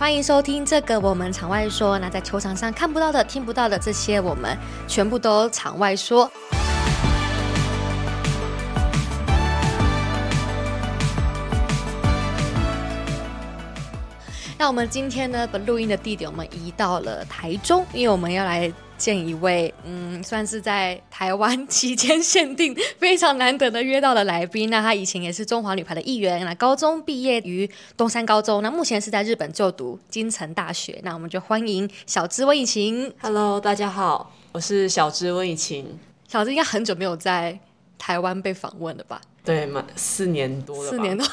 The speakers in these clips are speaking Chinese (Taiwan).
歡迎收聽這個我們場外說，那在球場上看不到的、聽不到的這些，我們全部都場外說。那我們今天呢，把錄音的地點我們移到了台中，因為我們要來見一位，嗯，算是在台灣期間限定非常難得的約到的來賓。那他以前也是中華女排的一員，那高中畢業於東山高中，那目前是在日本就讀金城大學。那我們就歡迎小枝溫以勤。Hello，大家好，我是小枝溫以勤。小枝應該很久沒有在台灣被訪問了吧？對，嘛，四年多了。四年多，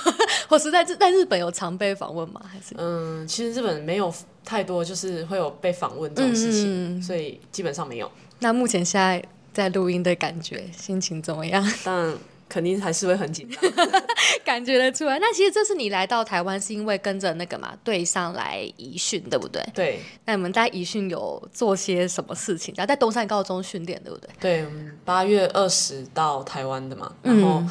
我實在是在日本有常被訪問嗎？還是嗯，其實日本沒有太多，就是會有被訪問這種事情、嗯嗯，所以基本上沒有。那目前現在在錄音的感覺，心情怎麼樣？但肯定還是會很緊張， 感覺得出來。那其實這是你來到台灣是因為跟着那個嘛隊上來移訓，對不對？對。那你們在移訓有做些什麼事情？在東山高中訓練，對不對？對，八月二十到台灣的嘛，嗯、然後。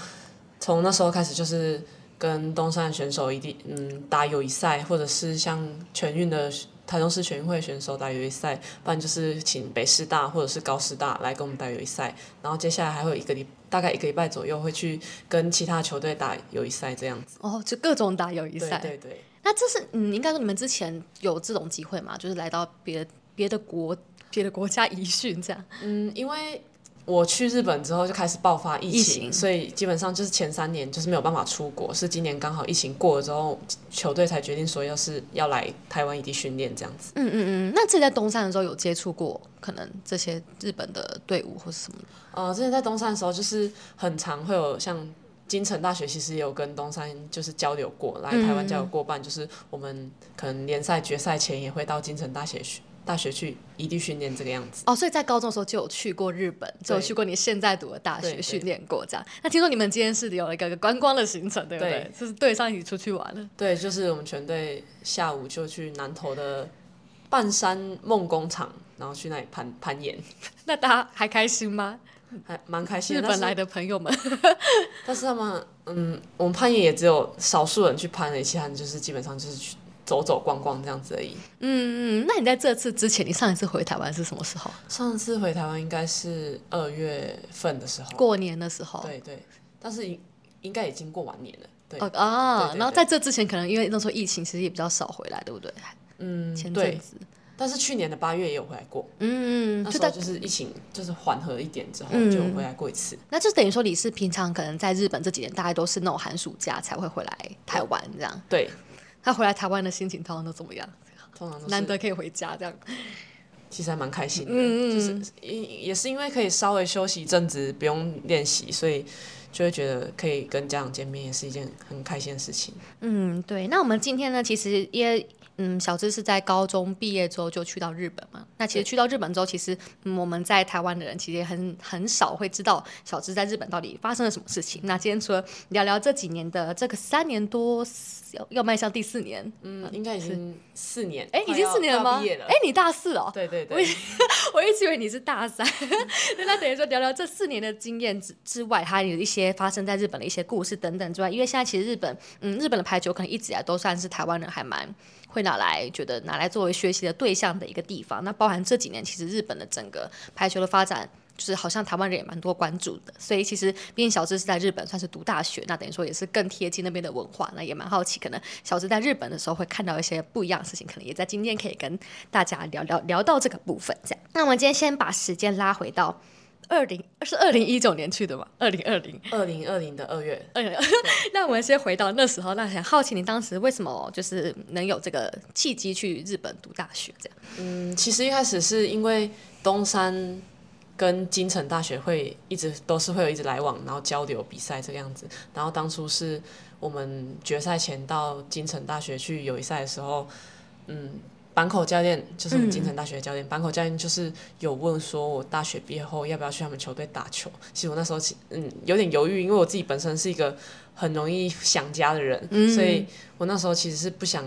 從那時候開始，就是跟東山選手一定嗯打友誼賽，或者是像全運的台中市全運會選手打友誼賽，不然就是請北師大或者是高師大來跟我們打友誼賽。然後接下來還會有一個禮，大概一個禮拜左右會去跟其他球隊打友誼賽這樣子。哦，就各種打友誼賽。對對對。那這是嗯應該說你們之前有這種機會嘛？就是來到別別的國別的國家移訓這樣。嗯，因為。我去日本之後就開始爆發疫情、疫情，所以基本上就是前三年就是沒有辦法出國，是今年剛好疫情過了之後，球隊才決定說要是要來台灣異地訓練這樣子。嗯嗯嗯，那自己在東山的時候有接觸過可能這些日本的隊伍或是什麼？呃，之前在東山的時候就是很常會有像金城大學，其實也有跟東山就是交流過，來台灣交流過半、嗯，就是我們可能聯賽決賽前也會到金城大學學大學去移地訓練這個樣子哦，所以在高中的時候就有去過日本，就有去過你現在讀的大學訓練過這樣。那聽說你們今天是有一個觀光的行程，對不對？對，就是隊上一起出去玩了。對，就是我們全隊下午就去南投的半山夢工廠，然後去那裡攀攀岩。 那大家還開心嗎？還蠻開心的。日本來的朋友們， 但是他們嗯，我們攀岩也只有少數人去攀了一下，就是基本上就是去。走走逛逛這樣子而已。嗯嗯，那你在這次之前，你上一次回台灣是什麼時候？上次回台灣應該是二月份的時候，過年的時候。對對，但是應應該已經過完年了。對、哦、啊，對對對，然後在這之前，可能因為那時候疫情，其實也比較少回來，對不對？嗯，前陣子對，但是去年的八月也有回來過。嗯，就在那時候就是疫情就是緩和一點之後、嗯、就回來過一次。那就等於說你是平常可能在日本這幾年大概都是那種寒暑假才會回來台灣這樣。嗯、對。他、啊、回來台灣的心情通常都怎麼樣？通常都難得可以回家這樣，其實還蠻開心的，嗯、就是也也是因為可以稍微休息一陣子，不用練習，所以就會覺得可以跟家長見面也是一件很開心的事情。嗯，對。那我們今天呢，其實也。嗯，小枝是在高中畢業之後就去到日本嘛？那其實去到日本之後，其實、嗯、我們在台灣的人其實也很很少會知道小枝在日本到底發生了什麼事情。嗯、那今天除了聊聊這幾年的這個三年多要要邁向第四年，嗯，應該已經四年，哎、欸，已經四年了嗎？哎、欸，你大四哦、喔？對對對， 我一直以為你是大三。 那等於說聊聊這四年的經驗之之外，還有一些發生在日本的一些故事等等之外，因為現在其實日本，嗯，日本的排球可能一直以來都算是台灣人還蠻會拿來覺得拿來作為學習的對象的一個地方，那包含這幾年其實日本的整個排球的發展，就是好像台灣人也蠻多關注的。所以其實畢竟小枝是在日本算是讀大學，那等於說也是更貼近那邊的文化，那也蠻好奇，可能小枝在日本的時候會看到一些不一樣的事情，可能也在今天可以跟大家聊聊聊到這個部分，這樣、啊。那我們今天先把時間拉回到。二 20, 零是二零一九年去的嗎？二零二零，二零二零的二月。 那我們先回到那時候。那很好奇你當時為什麼就是能有這個契機去日本讀大學這樣？嗯，其實一開始是因為東山跟金城大學會一直都是會有一直來往，然後交流比賽這個樣子。然後當初是我們決賽前到金城大學去友誼賽的時候，嗯。坂口教練就是我們金城大學教練，坂口教練就是有問說，我大學畢業後要不要去他們球隊打球。其實我那時候嗯有點猶豫，因為我自己本身是一個很容易想家的人，嗯、所以我那時候其實是不想。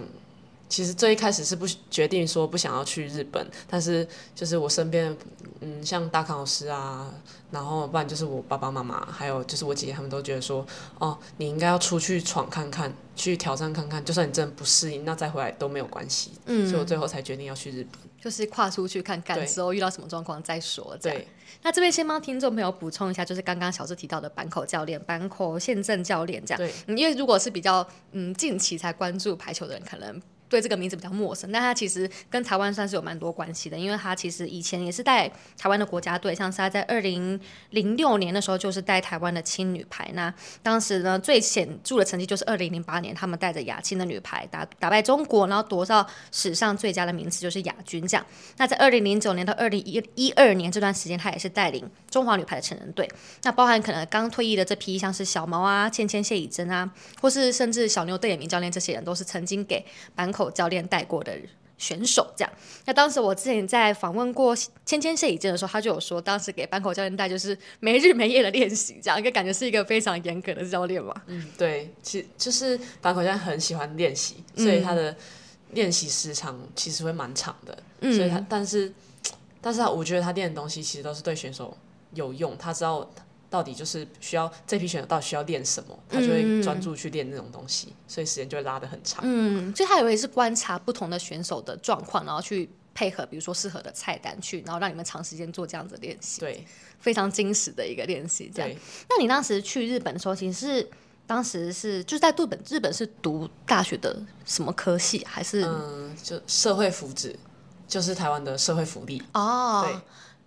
其實最一開始是不決定說不想要去日本，但是就是我身邊，嗯，像大康老師啊，然後不然就是我爸爸媽媽，還有就是我姐姐，他們都覺得說，哦，你應該要出去闖看看，去挑戰看看，就算你真的不適應，那再回來都沒有關係。嗯，所以我最後才決定要去日本。就是跨出去看看之後，遇到什麼狀況再說這樣。對。那這邊先幫聽眾朋友補充一下，就是剛剛小枝提到的坂口教練、坂口憲政教練這樣。對。因為如果是比較嗯近期才關注排球的人，可能，對這個名字比較陌生，但他其實跟台灣算是有蠻多關係的，因為他其實以前也是帶台灣的國家隊，像是他在二零零六年的時候，就是帶台灣的青女排，那當時呢，最顯著的成績就是二零零八年他們帶着亞青的女排打，打敗中國，然後奪到史上最佳的名次就是亞軍這樣。那在二零零九年到二零一一二年這段時間，他也是帶領中華女排的成人隊，那包含可能剛退役的這批像是小毛啊、芊芊、謝以真啊，或是甚至小牛鄧野明教練，這些人都是曾經給坂口教練帶過的選手，這樣。那當時我之前在訪問過千千謝影健的時候，他就有說，當時給坂口教練帶就是沒日沒夜的練習，這樣一個感覺是一個非常嚴格的教練嘛。嗯，對，其實就是坂口教練很喜歡練習，所以他的練習時長其實會蠻長的。嗯，所以他但是但是他我覺得他練的東西其實都是對選手有用，他知道。到底就是需要這批選手到底需要練什麼，他就會專注去練那種東西，嗯，所以時間就會拉得很長。嗯，所以他以為是觀察不同的選手的狀況，然後去配合，比如說適合的菜單去，然後讓你們長時間做這樣子練習。對，非常精實的一個練習。對。那你當時去日本的時候，其實是當時是就是在日本，日本是讀大學的什麼科系啊？還是？嗯，就社會福祉，就是台灣的社會福利。哦，對。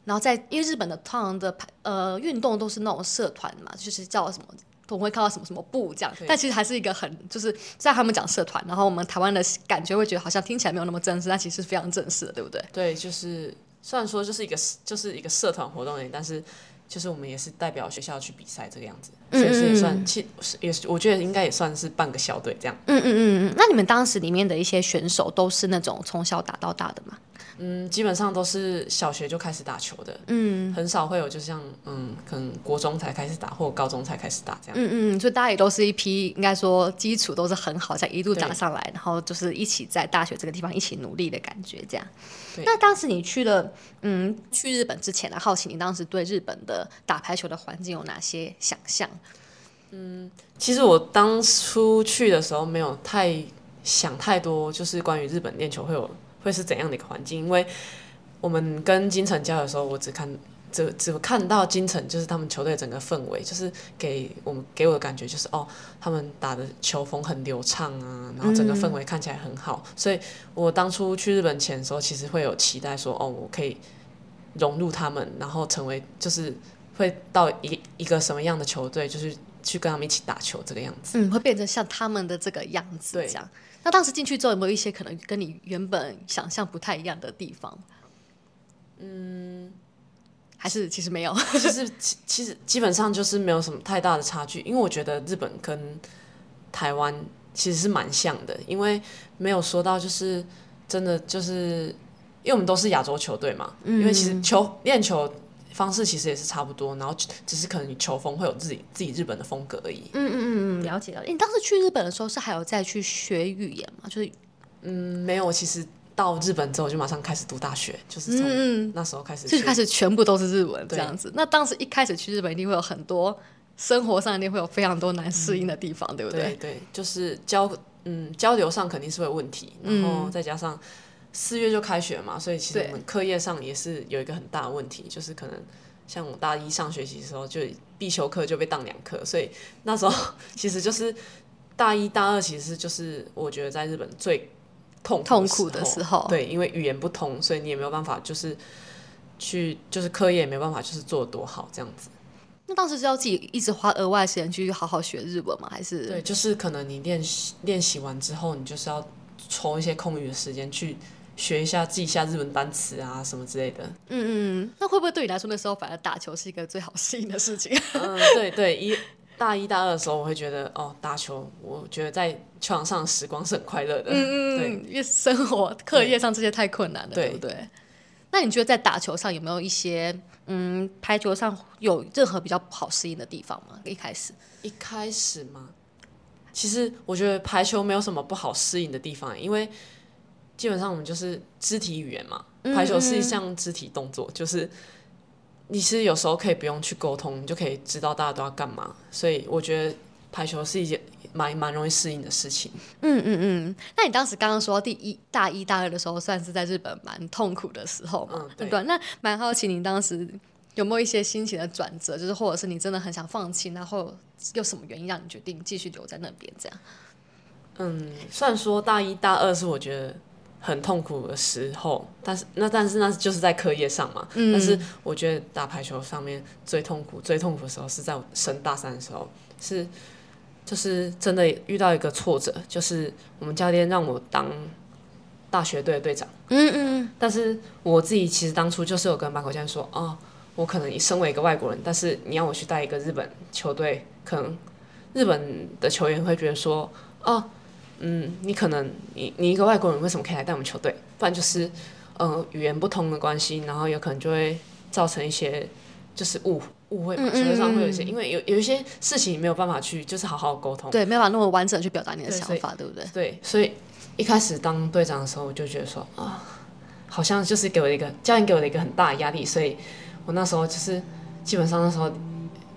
然後在，因為日本的通常的呃運動都是那種社團嘛，就是叫什麼，總會看到什麼什麼部這樣。但其實還是一個很，就是在他們講社團，然後我們台灣的感覺會覺得好像聽起來沒有那麼正式，但其實是非常正式的，對不對？對，就是雖然說就是一個就是一個社團活動、欸、但是就是我們也是代表學校去比賽這個樣子。其、嗯、實、嗯嗯、也算，其實也，我覺得應該也算是半個小隊這樣。嗯嗯嗯嗯。那你們當時裡面的一些選手都是那種從小打到大的嗎？嗯，基本上都是小學就開始打球的。嗯，很少會有就像嗯，可能國中才開始打或高中才開始打這樣。嗯嗯，所以大家也都是一批，應該說基礎都是很好,在一路打上來，然後就是一起在大學這個地方一起努力的感覺這樣。那當時你去了，嗯，去日本之前，好奇你當時對日本的打排球的環境有哪些想象？嗯，其實我當初去的時候沒有太想太多，就是關於日本練球會有會是怎樣的一個環境。因為我們跟金城交流的時候，我只看只只看到金城，就是他們球隊整個氛圍，就是給我們給我的感覺就是哦，他們打的球風很流暢啊，然後整個氛圍看起來很好，嗯。所以我當初去日本前的時候，其實會有期待說哦，我可以融入他們，然後成為就是會到一一個什麼樣的球隊，就是。去跟他們一起打球，這個樣子，嗯，會變成像他們的這個樣子樣，對，這樣。那當時進去之後，有沒有一些可能跟你原本想象不太一樣的地方？嗯，還是其實沒有。就是其其實基本上就是沒有什麼太大的差距，因為我覺得日本跟台灣其實是蠻像的，因為沒有說到就是真的就是，因為我們都是亞洲球隊嘛、嗯，因為其實球練球。方式其實也是差不多，然後只是可能你球風會有自己自己日本的風格而已。嗯嗯嗯，嗯了解了解、欸。你當時去日本的時候是還有再去學語言嗎？就是，嗯，沒有。其實到日本之後就馬上開始讀大學，就是從那時候開始，嗯嗯，就開始全部都是日文這樣子。那當時一開始去日本一定會有很多生活上一定會有非常多難適應的地方、嗯，對不對？對，對就是交嗯交流上肯定是會有問題，然後再加上。嗯四月就開學嘛，所以其實我們課業上也是有一個很大的問題，就是可能像我大一上學期的時候，就必修課就被當兩科，所以那時候其實就是大一大二，其實就是我覺得在日本最痛苦，痛苦的時候，對，因為語言不通，所以你也沒有辦法就是去就是課業也沒有辦法就是做多好這樣子。那當時是要自己一直花額外的時間去好好學日文嗎？還是對，就是可能你練習練習完之後，你就是要抽一些空餘的時間去。學一下記一下日文單詞啊，什麼之類的。嗯嗯，那會不會對你來說那時候反而打球是一個最好適應的事情？嗯，對對，一大一大二的時候我會覺得哦，打球，我覺得在球場上時光是很快樂的。嗯嗯嗯，因為生活課業上這些太困難了，對，對不對，對？那你覺得在打球上有沒有一些嗯排球上有任何比較不好適應的地方嗎？一開始，一開始嗎？其實我覺得排球沒有什麼不好適應的地方，因為。基本上我們就是肢體語言嘛，排球是一項肢體動作，嗯、就是你其實有時候可以不用去溝通，你就可以知道大家都要幹嘛。所以我覺得排球是一件蠻蠻容易適應的事情。嗯嗯嗯。那你當時剛剛說第一大一大二的時候，算是在日本蠻痛苦的時候嘛，對、嗯、不對？嗯、那蠻好奇你當時有沒有一些心情的轉折，就是或者是你真的很想放棄，然後有什麼原因讓你決定繼續留在那邊？這樣。嗯，雖然說大一大二是我覺得。很痛苦的時候，但是那但是那就是在課業上嘛、嗯。但是我覺得打排球上面最痛苦、最痛苦的時候是在我升大三的時候，是就是真的遇到一個挫折，就是我們教練讓我當大學隊的隊長。嗯嗯嗯。但是我自己其實當初就是有跟坂口憲政說，哦，我可能以身為一個外國人，但是你要我去帶一個日本球隊，可能日本的球員會覺得說，哦。嗯，你可能你你一個外國人為什麼可以來帶我們球隊？不然就是，呃，語言不通的關係，然後有可能就會造成一些就是誤誤會嘛。球隊上會有一些，嗯嗯，因為有有一些事情沒有辦法去就是好好溝通，對，沒有辦法那麼完整去表達你的想法對，對不對？對，所以一開始當隊長的時候，我就覺得說啊，好像就是給我一個教練給我的一個很大的壓力，所以我那時候就是基本上那時候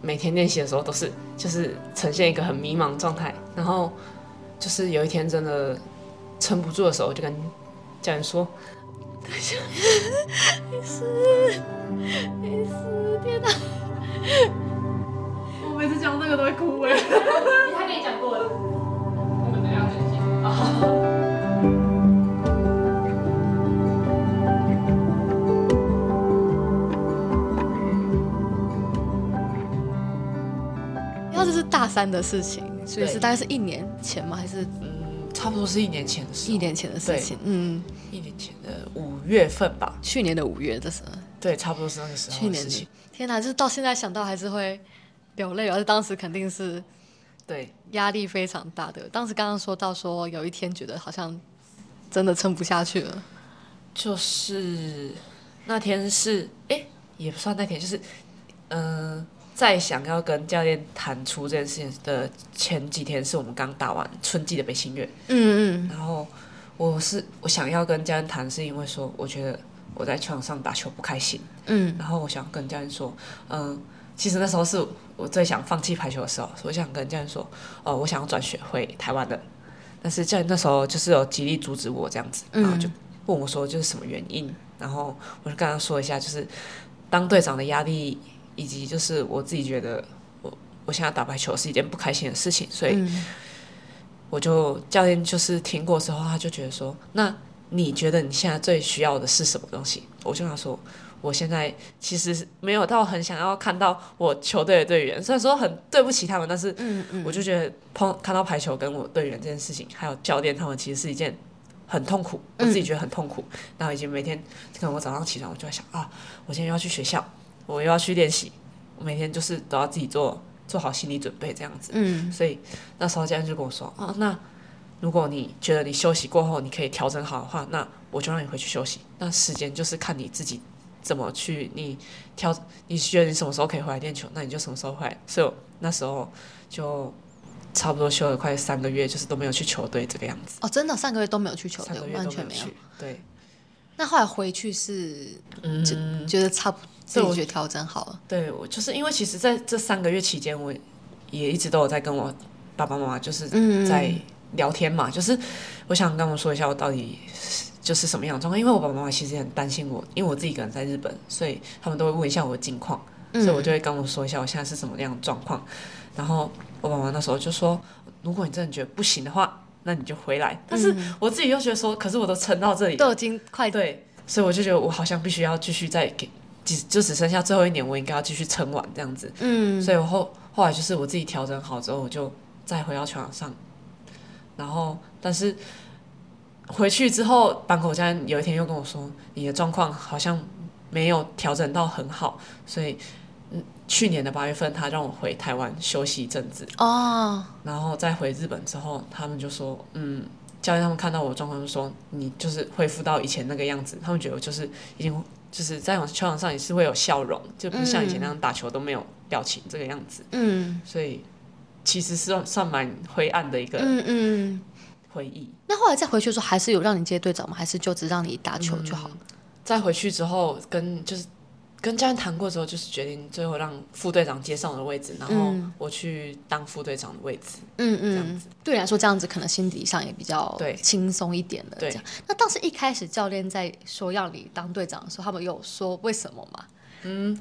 每天練習的時候都是就是呈現一個很迷茫狀態，然後。就是有一天真的撐不住的時候，我就跟家人說：“沒事，沒事，天哪！我每次講這個都會哭。”誒。你還沒講過我們能量正氣，好。那這是大三的事情。所以是大概是一年前嗎？還是嗯，差不多是一年前的事。一年前的事情，嗯，一年前的五月份吧，去年的五月的時候，對，差不多是那個時候的事情。去年，天哪、啊，就是到現在想到還是會流淚，而且當時肯定是對壓力非常大的。當時剛剛說到說有一天覺得好像真的撐不下去了，就是那天是哎、欸、也不算那天，就是嗯。呃在想要跟教練談出這件事情的前幾天，是我們剛打完春季的北信越。嗯嗯。然後我是我想要跟教練談，是因為說我覺得我在球場上打球不開心。嗯。然後我想跟教練說，嗯、呃，其實那時候是我最想放棄排球的時候，所以我想跟教練說，哦、呃，我想要轉學回台灣的。但是教練那時候就是有極力阻止我這樣子，然後就問我說就是什麼原因，嗯、然後我就跟他說一下，就是當隊長的壓力。以及就是我自己覺得我，我我現在打排球是一件不開心的事情，所以我就教練就是聽過之後，他就覺得說：“那你覺得你現在最需要的是什麼東西？”我就跟他說：“我現在其實沒有到很想要看到我球隊的隊員，雖然說很對不起他們，但是我就覺得碰看到排球跟我隊員這件事情，嗯嗯、還有教練他們其實是一件很痛苦，我自己覺得很痛苦。嗯、然後已經每天可能我早上起床，我就在想啊，我現在要去學校。”我又要去練習，我每天就是都要自己做做好心理準備這樣子，嗯、所以那時候教練就跟我說：“啊、哦、那如果你覺得你休息過後你可以調整好的話，那我就讓你回去休息。那時間就是看你自己怎麼去，你調，你覺得你什麼時候可以回來練球，那你就什麼時候回來。”所以那時候就差不多休了快三個月，就是都沒有去球隊這個樣子。哦，真的上個月都沒有去球隊，三個月都沒有去，完全沒有。對。那後來回去是，嗯、覺得差不多，我覺得調整好了對。對，我就是因為，其實在這三個月期間，我也一直都有在跟我爸爸媽媽就是在聊天嘛，嗯、就是我想跟他們說一下我到底就是什麼樣的狀況，因為我爸爸媽媽其實也很擔心我，因為我自己一個人在日本，所以他們都會問一下我的近況，所以我就會跟我說一下我現在是什麼樣的狀況，嗯，然後我爸媽那時候就說，如果你真的覺得不行的話。那你就回來，但是我自己又覺得說，嗯、可是我都撐到這裡，都已經快對，所以我就覺得我好像必須要繼續再給，就只剩下最後一年，我應該要繼續撐完這樣子。嗯，所以我後後來就是我自己調整好之後，我就再回到球場上，然後但是回去之後，坂口桑有一天又跟我說，你的狀況好像沒有調整到很好，所以。去年的八月份，他讓我回台灣休息一陣子哦，oh. 然後再回日本之後，他們就說，嗯，教練他們看到我狀況就說，你就是恢復到以前那個樣子，他們覺得我就是已經，就是在我球場上也是會有笑容，就不像以前那樣打球都沒有表情這個樣子，嗯、mm.，所以其實是算蠻灰暗的一個，嗯嗯，回憶。Mm-hmm. 那後來再回去的時候，還是有讓你接隊長嗎？還是就只讓你打球就好了，嗯？再回去之後，跟就是。跟教練談過之後，就是決定最後讓副隊長接上我的位置，然後我去當副隊長的位置。嗯嗯，這樣子、嗯嗯、對你來說，這樣子可能心理上也比較輕鬆一點的。對，那當時一開始教練在說要你當隊長的時候，他們有說為什麼嗎？嗯，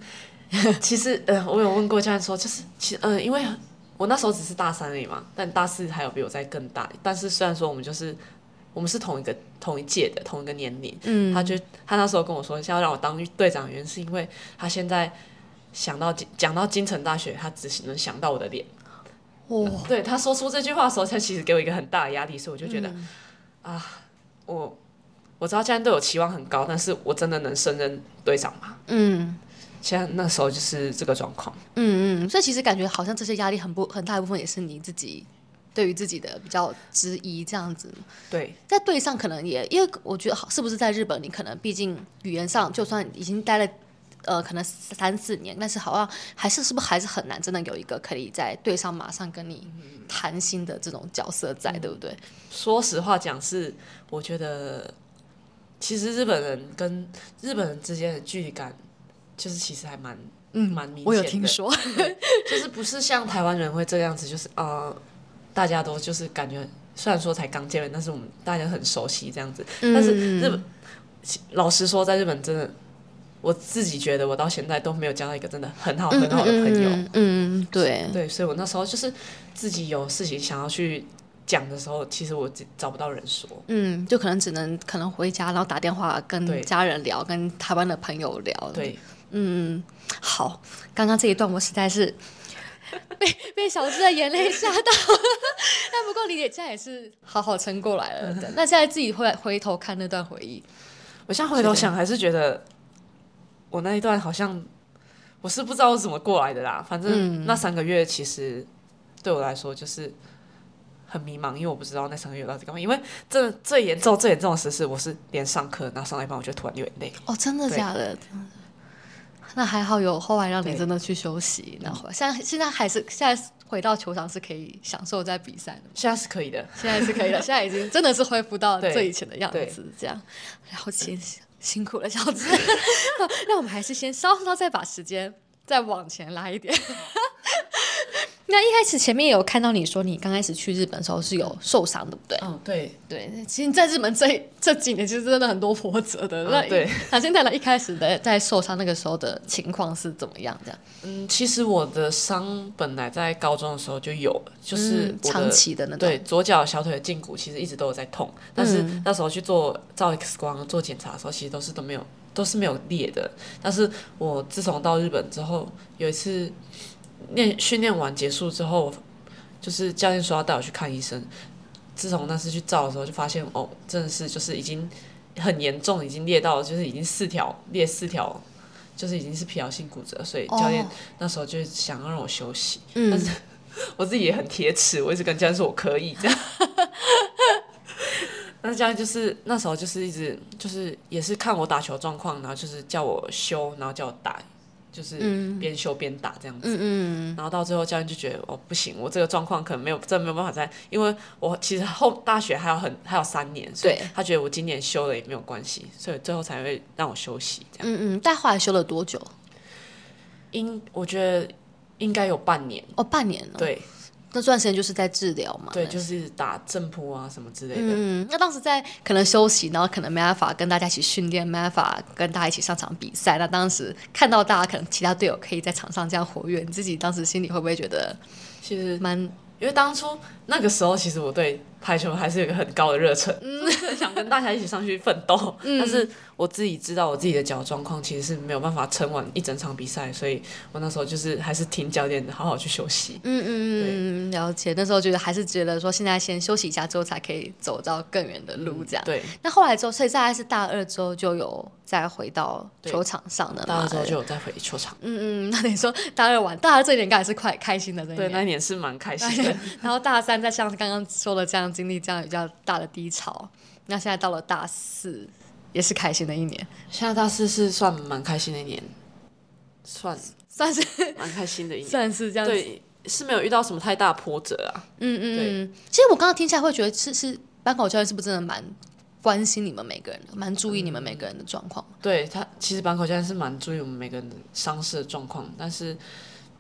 其實呃，我有問過教練說，就是其實嗯、呃，因為我那時候只是大三而已嘛，但大四還有比我再更大，但是雖然說我們就是。我們是同一個、同一屆的、同一個年齡。嗯，他就他那時候跟我說，要讓我當隊長的原因，是因為他現在想到講到金城大學，他只能想到我的臉。哇、哦！對他說出這句話的時候，他其實給我一個很大的壓力，所以我就覺得，嗯、啊，我我知道現在對我期望很高，但是我真的能勝任隊長嗎？嗯，現在那時候就是這個狀況。嗯嗯，所以其實感覺好像這些壓力很不很大一部分也是你自己，對於自己的比較質疑，這樣子。對，在隊上可能也因為我覺得好，是不是在日本你可能畢竟語言上就算已經待了，呃，可能三四年，但是好像還是是不是還是很難真的有一個可以在隊上馬上跟你談心的這種角色在、嗯，對不對？說實話講是，我覺得其實日本人跟日本人之間的距離感，就是其實還蠻嗯，蠻明顯的。我有聽說 就是不是像台灣人會這樣子，就是呃。大家都就是感覺，雖然說才剛見面，但是我們大家很熟悉這樣子。但是日本，嗯、老實說，在日本真的，我自己覺得我到現在都沒有交到一個真的很好很好的朋友。嗯，嗯嗯嗯對，對，所以我那時候就是自己有事情想要去講的時候，其實我找不到人說。嗯，就可能只能可能回家，然後打電話跟家人聊，跟台灣的朋友聊。對，嗯，好，剛剛這一段我實在是。被被小枝的眼淚嚇到， 但不過李姐現在也是好好撐過來了。 那現在自己回回頭看那段回憶，我現在回頭想還是覺得我那一段好像我是不知道我怎麼過來的啦。反正那三個月其實對我來說就是很迷茫，嗯、因為我不知道那三個月到底幹嘛。因為這最嚴重最嚴重的時事是，我是連上課然後上一半，我就突然流眼淚。哦，真的假的？那還好有後來讓你真的去休息，然後現在現在還是現在回到球場是可以享受在比賽的嗎？現在是可以的，現在是可以，可以的，現在已經真的是恢復到最以前的樣子，這樣，然後先辛苦了，小子枝。 那我們還是先稍稍再把時間再往前拉一點。那一開始前面也有看到你說你剛開始去日本的時候是有受傷，對不對？嗯、哦，對對。其實在日本這這幾年其實真的很多波折的。哦、對。那現在呢，一開始的在受傷那個時候的情況是怎麼樣？這樣？嗯，其實我的傷本來在高中的時候就有，就是長期的那種，對左腳小腿的脛骨其實一直都有在痛，但是那時候去做照 X 光做檢查的時候，其實都是都沒有都是沒有裂的。但是我自從到日本之後，有一次。練訓練完結束之後，就是教練說要帶我去看醫生。自從那次去照的時候，就發現哦，真的是就是已經很嚴重，已經裂到了就是已經四條裂四條，就是已經是疲勞性骨折。所以教練那時候就想要讓我休息，哦、但是我自己也很鐵齒，我一直跟教練說我可以這樣。那、嗯、 教練就是那時候就是一直就是也是看我打球狀況，然後就是叫我休，然後叫我打。就是邊修，邊打這樣子，嗯嗯嗯，然後到最後教練就覺得哦不行，我這個狀況可能沒有，真的沒有辦法再，因為我其實後大學還有很，還有三年，對，所以他覺得我今年休了也沒有關係，所以最後才會讓我休息。嗯嗯，但後來休了多久？應，我覺得應該有半年。哦，半年哦，半年了，對。那段時間就是在治療嘛，對，是就是打震波啊什麼之類的。嗯嗯，那當時在可能休息，然後可能沒辦法跟大家一起訓練，沒辦法跟大家一起上場比賽。那當時看到大家可能其他隊友可以在場上這樣活躍，你自己當時心裡會不會覺得其實蠻？因為當初、嗯、那個時候，其實我對。排球還是有一個很高的熱忱，嗯就是、想跟大家一起上去奮鬥、嗯。但是我自己知道我自己的腳狀況其實是沒有辦法撐完一整場比賽，所以我那時候就是還是聽教練的，好好去休息。嗯嗯嗯嗯，了解。那時候覺得還是覺得說現在先休息一下之後才可以走到更遠的路，這樣、嗯。對。那後來之後，所以大概是大二之後就有再回到球場上的吧。大二之後就有再回球場。嗯嗯，那你說大二完，大二這一年應該是快開心的，對，那一年是蠻開心的。然後大三再像剛剛說的這樣。經歷這樣比較大的低潮，那現在到了大四，也是開心的一年？現在大四是算蠻開心的一年，算算是蠻開心的一年，算是這樣子，對，是沒有遇到什麼太大的波折啊，嗯對嗯對、嗯，其實我剛剛聽起來會覺得是，是是坂口教練是不是真的蠻關心你們每個人的，蠻注意你們每個人的狀況？嗯、對他，其實坂口教練是蠻注意我們每個人的傷勢的狀況，但是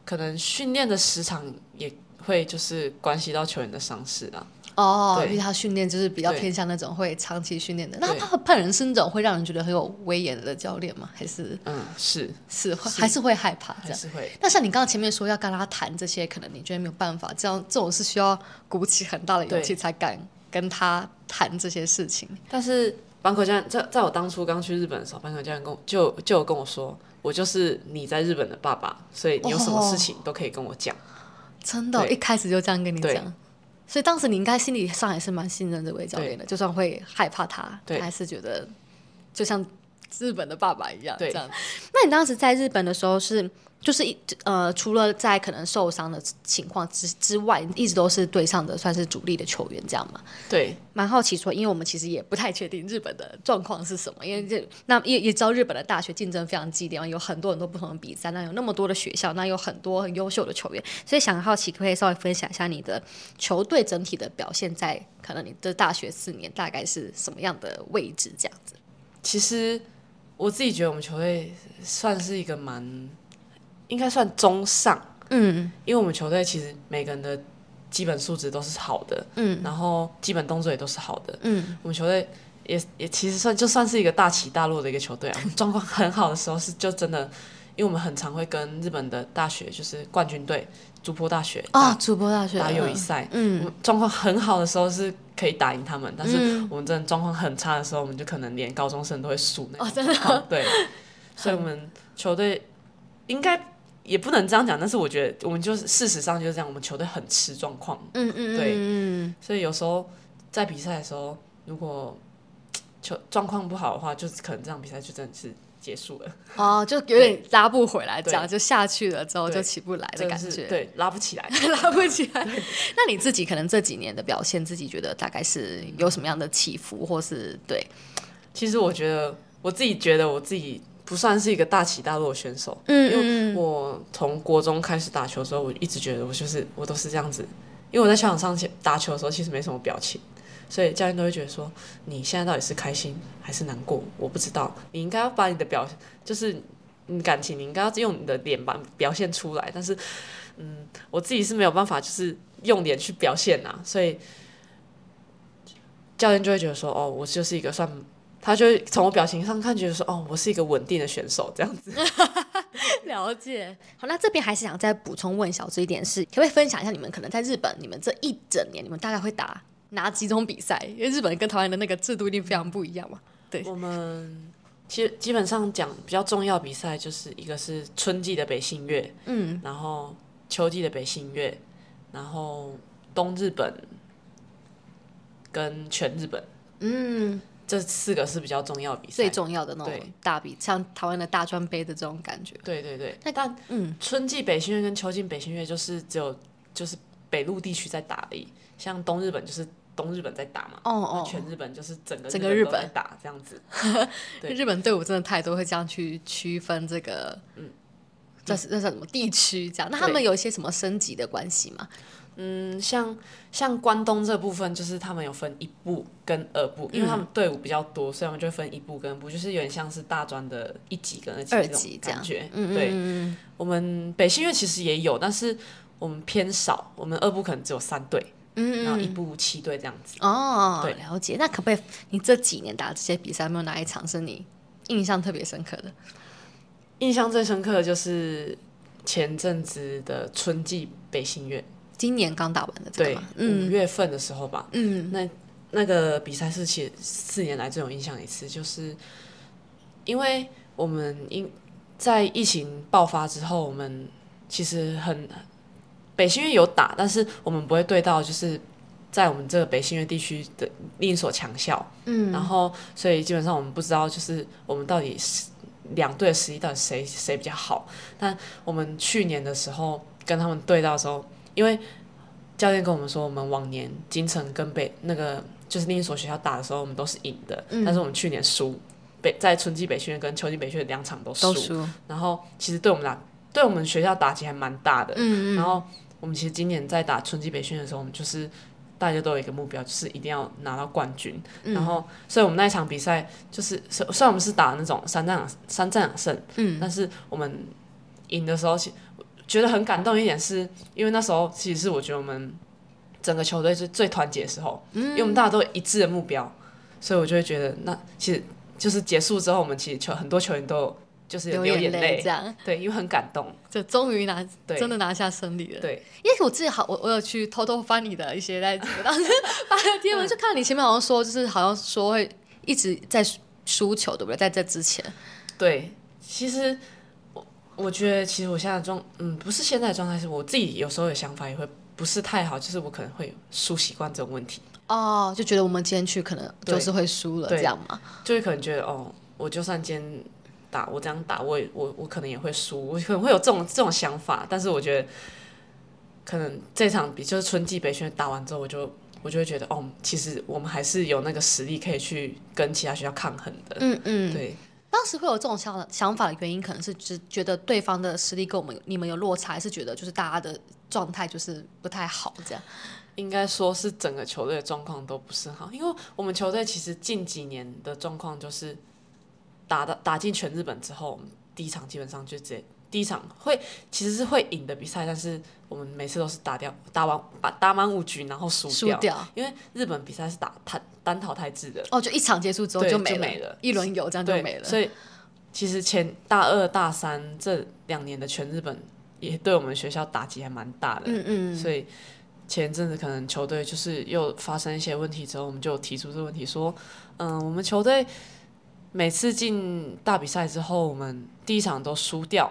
可能訓練的時長也會就是關係到球員的傷勢啊。哦，因為他訓練就是比較偏向那種會長期訓練的，那他,他判人是那種會讓人覺得很有威嚴的教練嗎？還是嗯，是是會還是會害怕是會這樣？但是你剛剛前面說要跟他談這些，可能你覺得沒有辦法，這樣這種是需要鼓起很大的勇氣才敢跟他談這些事情。但是坂口教練在在我當初剛去日本的時候，坂口教練跟我就就有跟我說，我就是你在日本的爸爸，所以你有什麼事情都可以跟我講、哦。真的，一開始就這樣跟你講。所以當時你應該心理上還是蠻信任這位教練的，就算會害怕他，對，他還是覺得就像。日本的爸爸一樣，對，這樣。那你當時在日本的時候是，是就是一呃，除了在可能受傷的情況之之外，一直都是對上的，算是主力的球員，這樣嗎？對，蠻好奇說，因為我們其實也不太確定日本的狀況是什麼，因為這那也也知道日本的大學競爭非常激烈啊，有很多很多不同的比賽，那有那麼多的學校，那有很多很優秀的球員，所以想好奇可不可以稍微分享一下你的球隊整體的表現在可能你的大學四年大概是什麼樣的位置這樣子？其實。我自己覺得我們球隊算是一個蠻，應該算中上，嗯，因為我們球隊其實每個人的，基本素質都是好的，嗯，然後基本動作也都是好的，嗯，我們球隊也也其實算就算是一個大起大落的一個球隊啊，我們狀況很好的時候是就真的，因為我們很常會跟日本的大學就是冠軍隊。筑波大學啊、oh，筑波大學打友誼賽，嗯，狀況很好的時候是可以打贏他們。嗯，但是我們真的狀況很差的時候，我們就可能連高中生都會輸那種。哦，對， 所以我們球隊應該也不能這樣講，但是我覺得我們就是事實上就是這樣，我們球隊很吃狀況，嗯嗯嗯，對嗯，所以有時候在比賽的時候，如果球狀況不好的話，就可能這場比賽就真的是。結束了哦，就有點拉不回來，這樣就下去了之後就起不來的感覺，對，拉不起來就對了 拉不起來，拉不起來。那你自己可能這幾年的表現，自己覺得大概是有什麼樣的起伏，或是對？其實我覺得我自己覺得我自己不算是一個大起大落的選手，嗯，嗯，嗯，因為我從國中開始打球的時候，我一直覺得我就是我都是這樣子，因為我在球場上打球的時候其實沒什麼表情。所以教練都會覺得說，你現在到底是開心還是難過？我不知道。你應該要把你的表現，就是你感情，你應該要用你的臉嘛表現出來。但是，嗯，我自己是沒有辦法，就是用臉去表現吶。所以教練就會覺得說，哦，我就是一個算，他就從我表情上看，覺得說，哦，我是一個穩定的選手這樣子。 了解。好，那這邊還是想再補充問小枝一點是，是可不可以分享一下你們可能在日本，你們這一整年，你們大概會打？哪幾種比賽？因為日本跟台灣的那個制度一定非常不一樣嘛。對我們，其實基本上講比較重要比賽，就是一個是春季的北信越，嗯，然後秋季的北信越，然後東日本跟全日本，嗯，這四個是比較重要比賽，最重要的那種大比，對像台灣的大專杯的這種感覺。對對對，對。那剛、個、嗯，春季北信越跟秋季北信越就是只有就是。北陸地區在打力，像東日本就是東日本在打嘛，oh, oh. 全日本就是整個整個日本在打這樣子。對，日本隊 伍真的太多，會這樣去區分這個，嗯，這是、嗯、這是什麼地區？這樣、嗯，那他們有一些什麼升級的關係嗎？嗯，像像關東這部分，就是他們有分一部跟二部，嗯，因為他們隊伍比較多，所以我們就分一部跟二部，就是有點像是大專的一級跟二級感覺這樣。對，嗯，嗯我們北信越其實也有，但是。我們偏少，我們二部可能只有三隊，嗯、嗯，然後一部七隊這樣子。哦，對，了解。那可不可以？你這幾年打這些比賽，有沒有哪一場是你印象特別深刻的？印象最深刻的就是前陣子的春季北信越，今年剛打完的，對、嗯，五月份的時候吧。嗯，那那個比賽是其四年來最有印象一次，就是因為我們因在疫情爆發之後，我們其實很。北信越有打，但是我們不會對到，就是在我們這個北信越地區的另一所強校。嗯。然後，所以基本上我們不知道，就是我們到底兩隊的實力到底誰誰比較好。但我們去年的時候跟他們對到的時候，因為教練跟我們說，我們往年金城跟北那個就是另一所學校打的時候，我們都是贏的。嗯。但是我們去年輸，北在春季北信越跟秋季北信越兩場都輸。都輸。然後，其實對我們倆對我們學校打擊還蠻大的。嗯。然後。我們其實今年在打春季北訓的時候，我們就是大家都有一個目標，就是一定要拿到冠軍。嗯、然後，所以我們那場比賽就是，雖然我們是打那種三戰三戰兩勝，嗯，但是我們贏的時候，其實覺得很感動一點是，是因為那時候其實是我覺得我們整個球隊是最團結的時候，嗯，因為我們大家都一致的目標，所以我就會覺得那其實就是結束之後，我們其實球很多球員都。就是有流眼淚這樣，對，因為很感動，就終於拿，對，真的拿下勝利了。對，因為我自己好，我我有去偷偷翻你的一些在，當時發了貼文， 就看到你前面好像說，就是好像說會一直在輸球，對不對？在這之前，對，其實我我覺得其實我現在狀，嗯，不是現在的狀態，是我自己有時候的想法也會不是太好，就是我可能會輸習慣這種問題哦，就覺得我們今天去可能就是會輸了這樣嘛，就會可能覺得哦，我就算今天。我這樣打我我我可能也會輸，我可能會有這種這種想法。但是我覺得，可能這場比就是春季北選打完之後，我就我就會覺得，哦，其實我們還是有那個實力可以去跟其他學校抗衡的。嗯嗯，對。當時會有這種想想法的原因，可能是只覺得對方的實力跟我們你們有落差，還是覺得就是大家的狀態就是不太好這樣？應該說是整個球隊的狀況都不是很好，因為我們球隊其實近幾年的狀況就是。打到打進全日本之後，第一場基本上就直接第一場會其實是會贏的比賽，但是我們每次都是打掉打完把打滿五局然後輸掉，輸掉，因為日本比賽是打單單淘汰制的哦，就一場結束之後就沒了，沒了一輪遊這樣就沒了。所以其實前大二大三這兩年的全日本也對我們學校打擊還蠻大的，嗯嗯，所以前陣子可能球隊就是又發生一些問題之後，我們就提出這個問題說，嗯、呃，我們球隊。每次進大比賽之後，我們第一場都輸掉，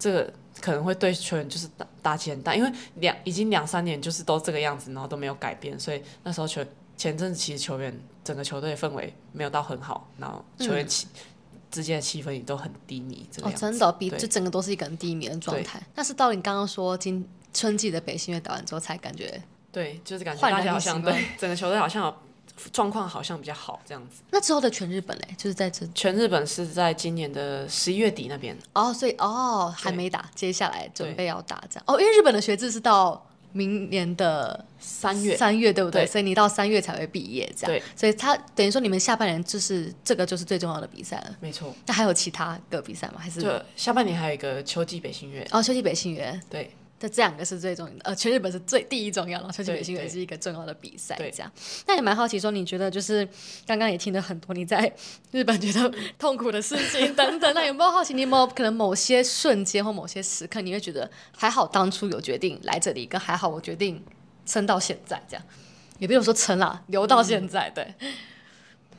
這個可能會對球員就是打打擊很大，因為兩已經兩三年就是都這個樣子，然後都沒有改變，所以那時候球前陣子其實球員整個球隊氛圍沒有到很好，然後球員氣、嗯、之間的氣氛也都很低迷，這個、樣子哦，真的，比就整個都是一個人低迷的狀態。但是到你剛剛說今春季的北信越打完之後，才感覺對，就是感覺大家好像對整個球隊好像好。狀況好像比較好，這樣子。那之後的全日本呢？就是在這，全日本是在今年的十一月底那邊哦，所以哦還沒打，接下來準備要打這樣哦，因為日本的學制是到明年的三月，三月對不對，對？所以你到三月才會畢業這樣，對。所以他等於說你們下半年就是這個就是最重要的比賽了，沒錯。那還有其他個比賽嗎？還是對下半年還有一個秋季北新月？哦，秋季北新月對。就這兩個是最重要的，呃，全日本是最第一重要的，全日本也是一個重要的比賽，這樣對對。那也蠻好奇，說你覺得就是剛剛也聽了很多你在日本覺得痛苦的事情等等， 那有沒有好奇你有沒有可能某些瞬間或某些時刻，你會覺得還好當初有決定來這裡，跟還好我決定撐到現在，這樣也不用說撐啦，留到現在，嗯。對，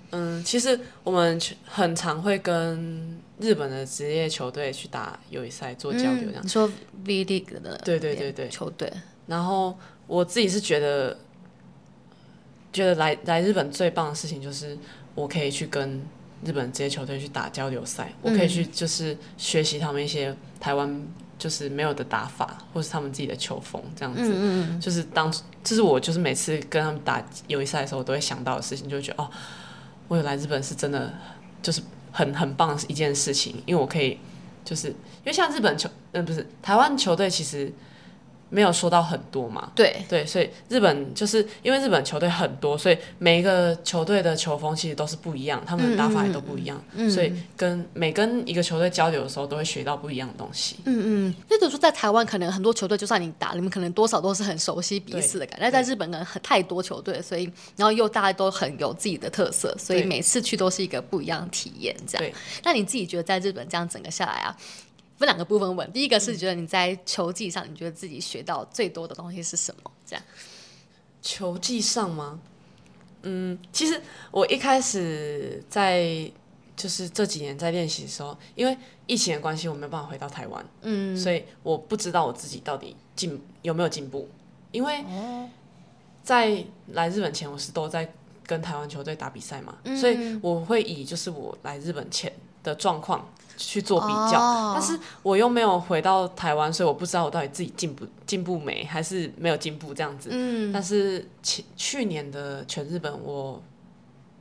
嗯，其實我們很常會跟日本的職業球隊去打友誼賽做交流，這樣、嗯、你說 V League 的對對對對球隊。然後我自己是覺得，覺得來來日本最棒的事情就是，我可以去跟日本職業球隊去打交流賽、嗯，我可以去就是學習他們一些台灣就是沒有的打法，或是他們自己的球風這樣子。嗯嗯嗯，就是當這、就是我就是每次跟他們打友誼賽的時候，我都會想到的事情，就會覺得哦，我有來日本是真的就是。很很棒的一件事情，因為我可以，就是因為像日本球，嗯，不是台灣球隊，其實。沒有說到很多嘛？對對，所以日本就是因為日本球隊很多，所以每一個球隊的球風其實都是不一樣，他們的打法也都不一樣，嗯嗯嗯嗯。所以跟每跟一個球隊交流的時候，都會學到不一樣的東西。嗯嗯，那就是說在台灣，可能很多球隊就算你打，你們可能多少都是很熟悉彼此的感覺。但在日本呢，很太多球隊，所以然後又大家都很有自己的特色，所以每次去都是一個不一樣的體驗。這樣。對，那你自己覺得在日本這樣整個下來啊？分兩個部分問，第一個是覺得你在球技上，你覺得自己學到最多的東西是什麼？這樣，球技上嗎？嗯，其實我一開始在就是這幾年在練習的時候，因為疫情的關係，我沒有辦法回到台灣，嗯，所以我不知道我自己到底進有沒有進步，因為在來日本前，我是都在跟台灣球隊打比賽嘛，嗯，所以我會以就是我來日本前的狀況。去做比較，哦、但是我又沒有回到台灣，所以我不知道我到底自己進步進步沒，還是沒有進步這樣子。嗯、但是前去年的全日本我，我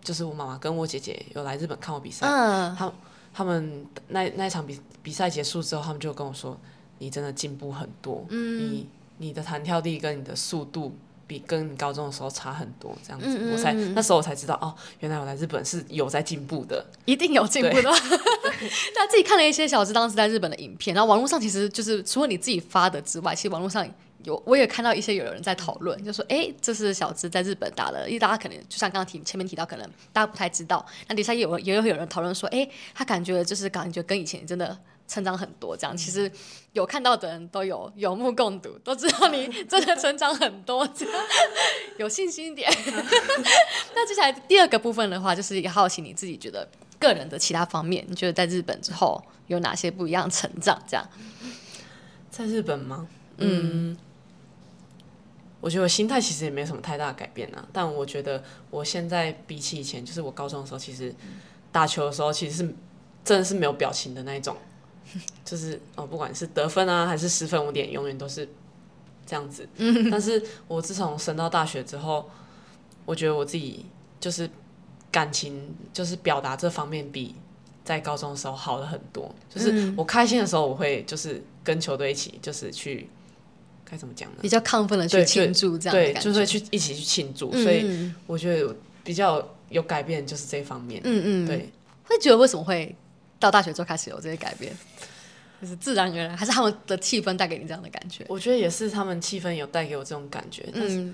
就是我媽媽跟我姐姐有來日本看我比賽。嗯，他，他他們那那一場比比賽結束之後，他們就跟我說：“你真的進步很多，嗯、你你的彈跳力跟你的速度。”比跟你高中的時候差很多，這樣子，嗯嗯嗯，我才那時候我才知道哦，原來我在日本是有在進步的，一定有進步的。 那自己看了一些小枝當時在日本的影片，然後網絡上其實就是除了你自己發的之外，其實網絡上有我也看到一些有人在討論，就說哎、欸，這是小枝在日本打的。因為大家可能就像剛剛提前面提到，可能大家不太知道。那底下也有也有有人討論說，哎、欸，他感覺就是感覺跟以前真的。成長很多，這樣，其實有看到的人都有有目共睹，都知道你真的成長很多，有信心一點。 那接下來第二個部分的話，就是也好奇，你自己覺得個人的其他方面，你覺得在日本之後有哪些不一樣成長？這樣在日本嗎？嗯，我覺得我心態其實也沒什麼太大的改變啊，但我覺得我現在比起以前，就是我高中的時候，其實打球的時候，其實是真的是沒有表情的那一種。就是哦，不管是得分啊，還是失分五點，永遠都是這樣子。但是我自從升到大學之後，我覺得我自己就是感情，就是表達這方面比在高中的時候好了很多。嗯、就是我開心的時候，我會就是跟球隊一起，就是去該怎麼講呢？比較亢奮的去慶祝，這樣對，對，就是去一起去慶祝嗯嗯。所以我覺得比較有改變就是這一方面。嗯嗯，對，會覺得為什麼會？到大學就開始有這些改變，就是自然而然，還是他們的氣氛帶給你這樣的感覺？我覺得也是，他們氣氛有帶給我這種感覺。嗯，但是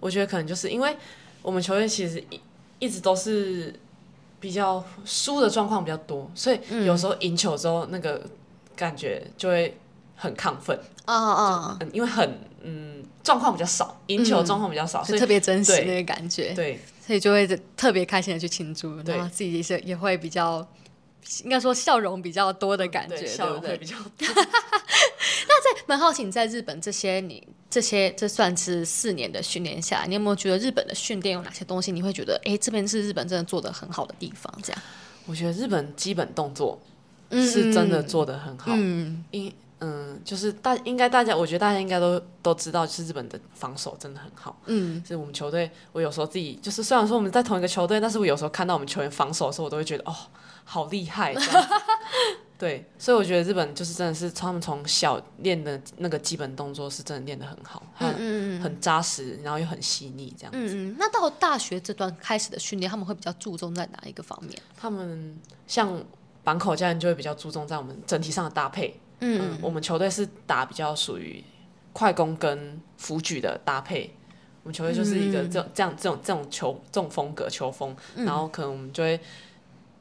我覺得可能就是因為我們球隊其實一一直都是比較輸的狀況比較多，所以有時候贏球之後那個感覺就會很亢奮。啊、嗯、啊！因為很嗯，狀況比較少，贏球狀況比較少，嗯、所以特別珍惜那個感覺。對，所以就會特別開心的去慶祝，對自己是也會比較。應該說笑容比較多的感覺，對、嗯、不對？笑容會比較多。 那在滿好奇你在日本這些你這些這算是四年的訓練下，你有沒有覺得日本的訓練有哪些東西？你會覺得哎、欸，這邊是日本真的做得很好的地方？這樣，我覺得日本基本動作是真的做得很好。嗯嗯，因嗯，就是大應該大家，我覺得大家應該都都知道，是日本的防守真的很好。嗯，是我們球隊。我有時候自己就是，雖然說我們在同一個球隊，但是我有時候看到我們球員防守的時候，我都會覺得哦。好厲害！對，所以我覺得日本就是真的是他們從小練的那個基本動作是真的練得很好，很很扎實，然後又很細膩這樣子。嗯，那到大學這段開始的訓練，他們會比較注重在哪一個方面？他們像坂口教練就會比較注重在我們整體上的搭配。嗯，我們球隊是打比較屬於快攻跟輔舉的搭配。我們球隊就是一個這這樣這種這種球這種風格球風，然後可能我們就會。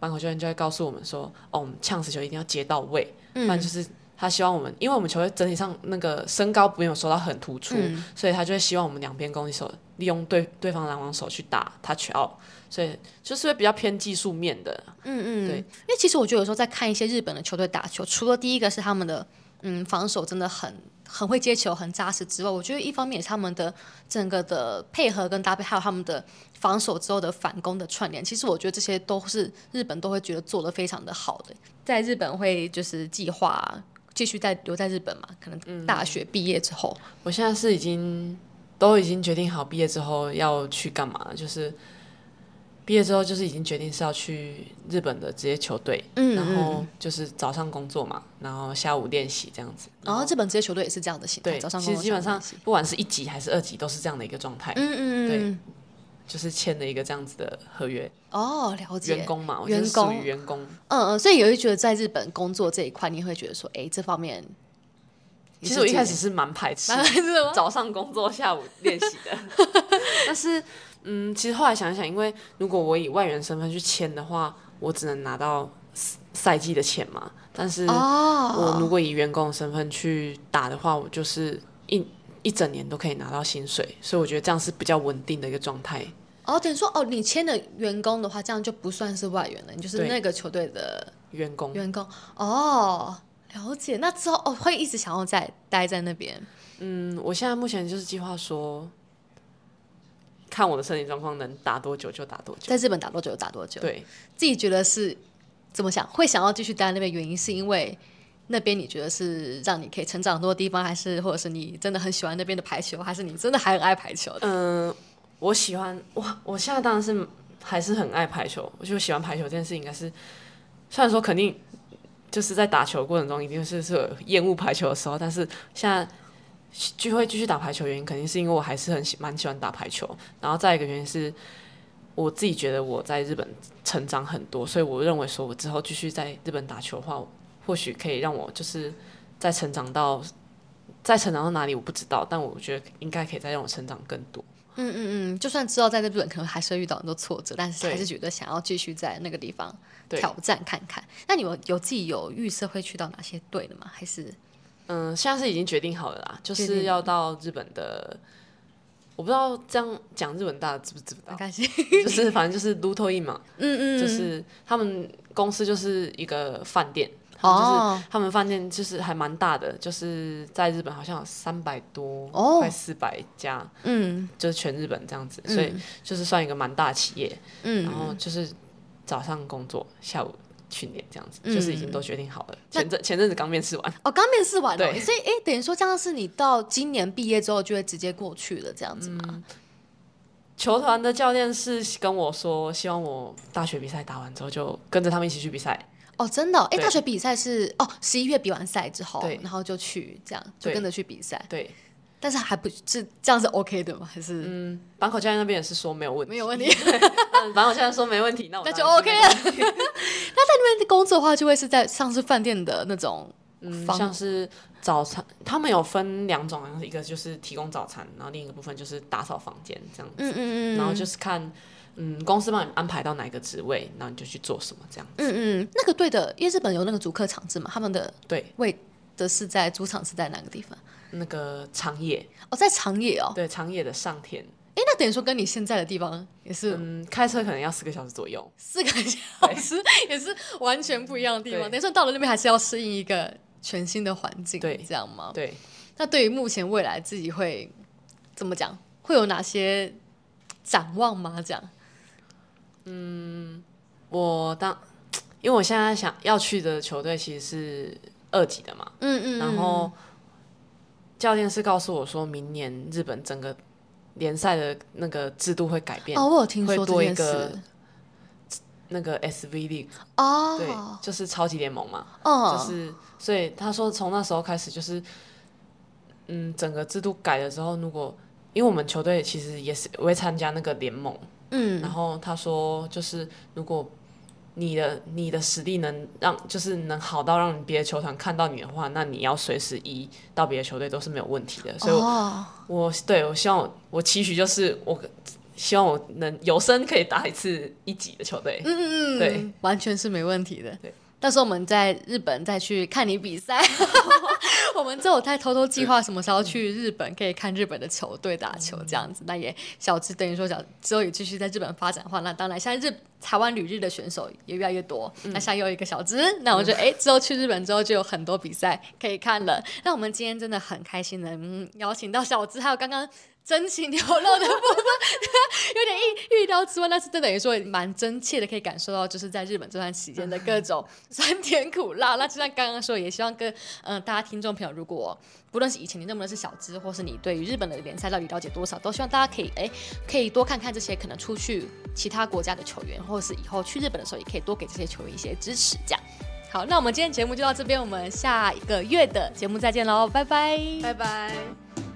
籃口隊就會告訴我們說：“哦，我們嗆死球一定要接到位，不、嗯、然就是他希望我們，因為我們球隊整體上那個身高不用說到很突出、嗯，所以他就會希望我們兩邊攻擊手利用對對方攔網手去打他去哦，out, 所以就是會比較偏技術面的。”嗯嗯，對，因為其實我覺得有時候在看一些日本的球隊打球，除了第一個是他們的嗯防守真的很。很會接球，很扎實之外，我覺得一方面也是他們的整個的配合跟搭配，還有他們的防守之後的反攻的串聯，其實我覺得這些都是日本都會覺得做得非常的好的。在日本會就是計劃繼續在留在日本嘛？可能大學畢業之後。嗯，我現在是已經都已經決定好畢業之後要去幹嘛，就是。畢業之後就是已經決定是要去日本的職業球隊。嗯，然後就是早上工作嘛，嗯，然後下午練習這樣子。哦，然後日本職業球隊也是這樣的形態，對，早上工作上，其實基本上不管是一級還是二級都是這樣的一個狀態。嗯對嗯對，就是簽了一個這樣子的合約。哦，了解。員工嘛，我是屬於員工，員工。嗯嗯，所以有一覺得在日本工作這一塊，你會覺得說，哎，欸，這方面其實我一開始是蠻排斥，排斥的早上工作下午練習的， 但是。嗯，其實後來想一想，因為如果我以外援身份去簽的話，我只能拿到賽季的錢嘛。但是，我如果以員工的身份去打的話，我就是一一整年都可以拿到薪水，所以我覺得這樣是比較穩定的一個狀態。哦，等於說，哦，你簽的員工的話，這樣就不算是外援了，你就是那個球隊的員工、員工。員工。哦，了解。那之後，哦，會一直想要再待在那邊？嗯，我現在目前就是計劃說。看我的身體狀況能打多久就打多久，在日本打多久就打多久。對，自己覺得是怎麼想會想要繼續待在那邊？原因是因為那邊你覺得是讓你可以成長多的地方，還是或者是你真的很喜歡那邊的排球，還是你真的還很愛排球？嗯、呃，我喜歡我我現在當然是還是很愛排球，我就喜歡排球這件事是。應該是雖然說肯定就是在打球過程中一定是是有厭惡排球的時候，但是現在。就會繼續打排球，原因肯定是因為我還是很喜蠻喜歡打排球。然後再一個原因是我自己覺得我在日本成長很多，所以我認為說，我之後繼續在日本打球的話，或許可以讓我就是再成長到再成長到哪裡我不知道，但我覺得應該可以再讓我成長更多。嗯嗯嗯，就算知道在日本可能還是會遇到很多挫折，但是還是覺得想要繼續在那個地方挑戰看看。那你們有自己有預設會去到哪些隊的嗎？還是？嗯、呃，現在是已經決定好了啦了，就是要到日本的。我不知道這樣講日本，大家知不知道。 就是反正就是路透印嘛。嗯嗯。就是他們公司就是一個飯店，哦、就是他們飯店就是還蠻大的，就是在日本好像有三百多、哦、快四百家，嗯、哦，就是全日本這樣子、嗯，所以就是算一個蠻大企業。嗯、嗯。然後就是早上工作，下午。去年這樣子、嗯，就是已經都決定好了。前陣前陣子剛面試完，哦，剛面試完了，啊，對，所以哎，等於說這樣是你到今年畢業之後就會直接過去了這樣子嗎，嗯？球團的教練是跟我說，希望我大學比賽打完之後就跟着他們一起去比賽。哦，真的，哦，哎，大學比賽是哦，十一月比完賽之後，然後就去這樣，就跟着去比賽，對。對但是還不是這樣是 OK 的嗎？還是嗯，坂口教練那邊也是說沒有問題，沒有問題。坂、 嗯、口教練說沒問題，那我那就 OK 了。 那在那邊工作的話，就會是在像是飯店的那種、嗯，像是早餐，他們有分兩種，一個就是提供早餐，然後另一個部分就是打掃房間這樣子。嗯嗯，嗯，然後就是看嗯公司幫你安排到哪一個職位，然後你就去做什麼這樣子。嗯嗯嗯，那個對的，因為日本有那個主客場制嘛，他們的對位的是在主場是在哪個地方？那個長野哦，在長野哦，對，長野的上田。哎、欸，那等於說跟你現在的地方也是，嗯，開車可能要四個小時左右，四個小時，對也是完全不一樣的地方，等於說到了那邊還是要適應一個全新的環境，對，這樣嗎？對。那對於目前未來自己會怎麼講？會有哪些展望嗎？這樣？嗯，我當，因為我現在想要去的球隊其實是二級的嘛，嗯嗯，然後。教練是告訴我，說，明年日本整個聯賽的那個制度會改變會、哦、我有聽說這件事。會多一個那個 SV League、哦、對，就是超級聯盟嘛、哦，就是，所以他說從那時候開始，就是，嗯，整個制度改的時候，如果因為我們球隊其實也是會參加那個聯盟，嗯，然後他說就是如果。你的你的實力能讓就是能好到讓別的球團看到你的話，那你要隨時移到別的球隊都是沒有問題的。所以我，oh. 我對我希望我期許就是，我希望我能有生可以打一次一級的球隊。嗯嗯嗯，對，完全是沒問題的。對。到時候我們在日本再去看你比賽， 我們之後再偷偷計劃什麼時候去日本可以看日本的球隊、嗯、打球這樣子。嗯、那也小枝等於說小之後也繼續在日本發展的話，那當然現在日台灣旅日的選手也越來越多。嗯、那像又有一個小枝、嗯。那我覺得哎、欸、之後去日本之後就有很多比賽可以看了、嗯。那我們今天真的很開心的、嗯、邀請到小枝，還有剛剛。真情流露的部分， 有點意料之外，但是就等於說蠻真切的，可以感受到就是在日本這段時間的各種酸甜苦辣。 那就像剛剛說，也希望跟嗯、呃、大家聽眾朋友，如果不論是以前你認不認識小枝，或是你對於日本的聯賽到底了解多少，都希望大家可以哎、欸，可以多看看這些可能出去其他國家的球員，或者是以後去日本的時候，也可以多給這些球員一些支持。這樣，好，那我們今天節目就到這邊，我們下一個月的節目再見嘍，拜拜，拜拜。